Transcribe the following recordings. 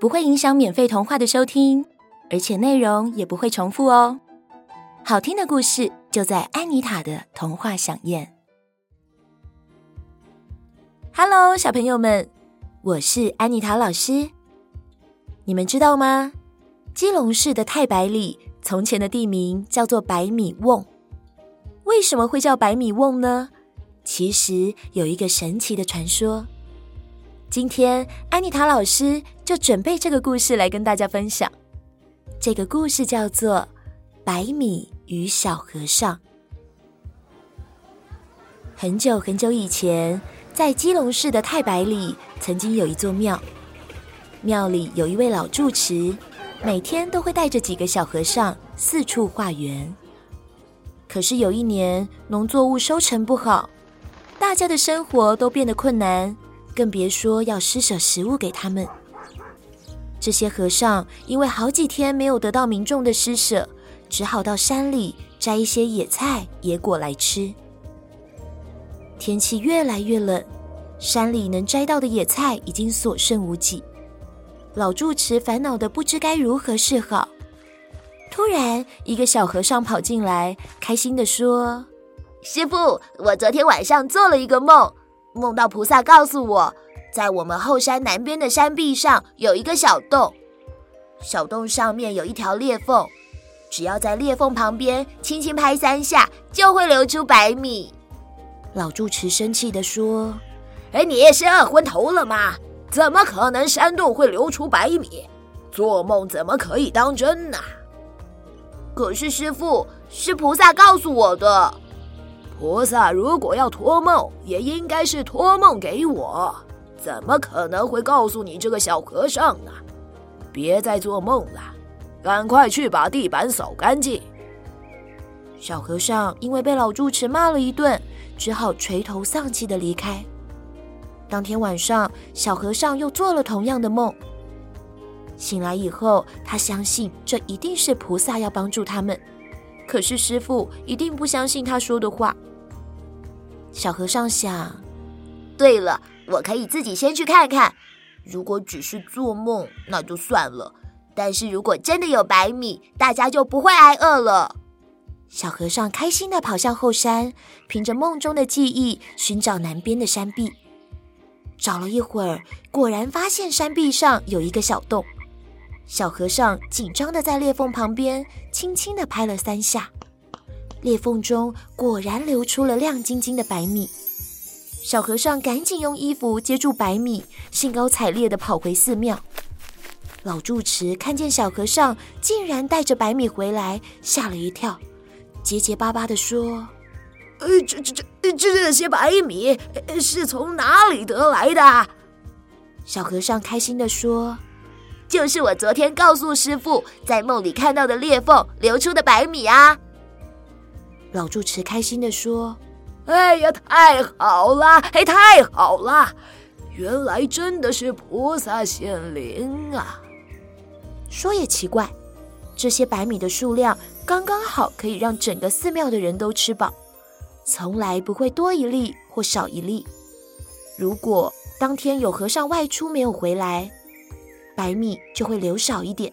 不會影響免費童話的收聽，而且內容也不會重複哦。好聽的故事就在安妮塔的童話饗宴。Hello，小朋友們，我是安妮塔老師。你們知道嗎？基隆市的太白里，從前的地名叫做白米甕。為什麼會叫白米甕呢？其實有一個神奇的傳說。今天，安妮塔老師就準備這個故事來跟大家分享。這個故事叫做《白米與小和尚》。很久很久以前，在基隆市的太白裡，曾經有一座廟。廟裡有一位老住持，每天都會帶着幾個小和尚四處化緣。可是有一年，農作物收成不好，大家的生活都變得困難。更別說要施舍食物給他們。這些和尚因為好幾天沒有得到民眾的施舍，只好到山裡摘一些野菜、野果來吃。天氣越來越冷，山裡能摘到的野菜已經所剩無幾。老住持煩惱得不知該如何是好。突然，一個小和尚跑進來，開心地說：“師父，我昨天晚上做了一個夢。”夢到菩薩告訴我，在我們後山南邊的山壁上有一個小洞，小洞上面有一條裂縫，只要在裂縫旁邊輕輕拍三下，就會流出白米。老住持生氣地說：“哎，你也是餓昏頭了嗎？怎麼可能山洞會流出白米？做夢怎麼可以當真呢、啊？”可是師父，是菩薩告訴我的。菩薩如果要托夢，也應該是托夢給我，怎麼可能會告訴你這個小和尚呢？別再做夢了，趕快去把地板掃乾淨。小和尚因為被老住持罵了一頓，只好垂頭喪氣地離開。當天晚上，小和尚又做了同樣的夢。醒來以後，他相信這一定是菩薩要幫助他們，可是師父一定不相信他說的話。小和尚想：“對了，我可以自己先去看看。如果只是做夢，那就算了；但是如果真的有白米，大家就不會挨餓了。”小和尚開心的跑向後山，憑着夢中的記憶尋找南邊的山壁。找了一會兒，果然發現山壁上有一個小洞。小和尚緊張的在裂縫旁邊輕輕的拍了三下。裂縫中果然流出了亮晶晶的白米，小和尚趕緊用衣服接住白米，興高采烈地跑回寺廟。老住持看見小和尚竟然帶着白米回來，嚇了一跳，結結巴巴地說：“呃，這、這、這、這這些白米是從哪裡得來的？”小和尚開心地說：“就是我昨天告訴師父，在夢裡看到的裂縫流出的白米啊。”老住持開心地說：“哎呀，太好了，哎，太好了！原來真的是菩薩顯靈啊！說也奇怪，這些白米的數量剛剛好可以讓整個寺廟的人都吃飽，從來不會多一粒或少一粒。如果當天有和尚外出沒有回來，白米就會留少一點。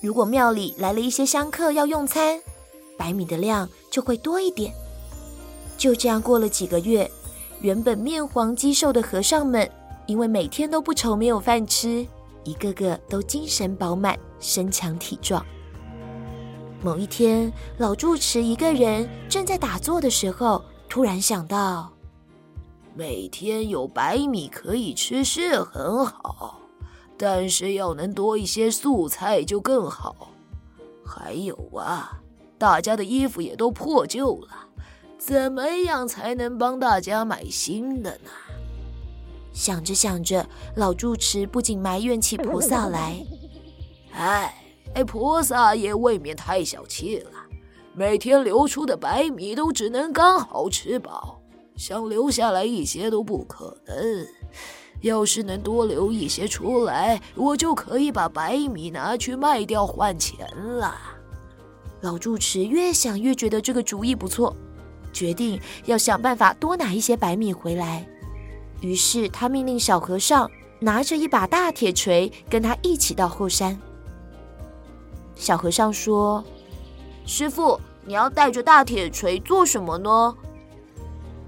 如果廟裡來了一些香客要用餐。”白米的量就會多一點。就這樣過了幾個月，原本面黃肌瘦的和尚們，因為每天都不愁沒有飯吃，一個個都精神飽滿、身強體壯。某一天，老住持一個人正在打坐的時候，突然想到：每天有白米可以吃是很好，但是要能多一些素菜就更好。還有啊。大家的衣服也都破舊了，怎麼樣才能幫大家買新的呢？想着想着，老住持不禁埋怨起菩薩來：“哎，哎，菩薩也未免太小氣了，每天流出的白米都只能剛好吃飽，想留下來一些都不可能。要是能多留一些出來，我就可以把白米拿去賣掉換錢了。”老住持越想越覺得這個主意不錯，決定要想辦法多拿一些白米回來。於是他命令小和尚拿着一把大鐵錘，跟他一起到後山。小和尚說：“師父，你要帶着大鐵錘做什麼呢？”“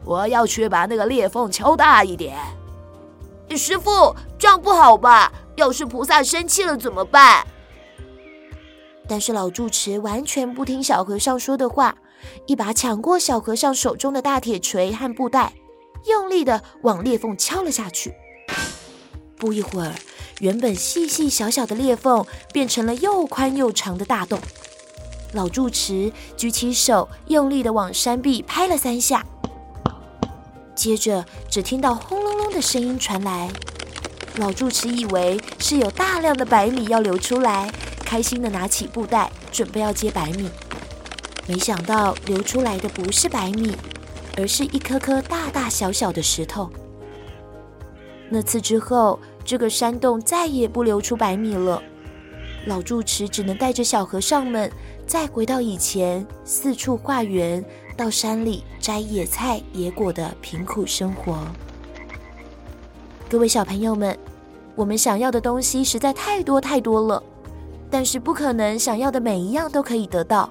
我要去把那個裂縫敲大一點。”“師父，這樣不好吧？要是菩薩生氣了怎麼辦？”但是老住持完全不聽小和尚說的話，一把搶過小和尚手中的大鐵錘和布袋，用力的往裂縫敲了下去。不一會兒，原本細細小小的裂縫變成了又寬又長的大洞。老住持舉起手，用力的往山壁拍了三下。接着只聽到轟隆隆的聲音傳來。老住持以為是有大量的白米要流出來。開心的拿起布袋，準備要接白米，沒想到流出來的不是白米，而是一顆顆大大小小的石頭。那次之後，這個山洞再也不流出白米了。老住持只能帶着小和尚們再回到以前，四處化緣，到山裡摘野菜、野果的貧苦生活。各位小朋友們，我們想要的東西實在太多太多了。但是不可能想要的每一樣都可以得到。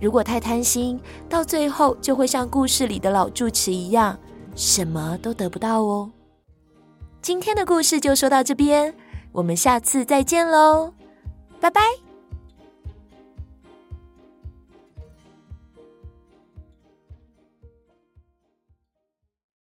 如果太貪心，到最後就會像故事裡的老住持一樣，什麼都得不到哦。今天的故事就說到這邊，我們下次再見嘍，拜拜。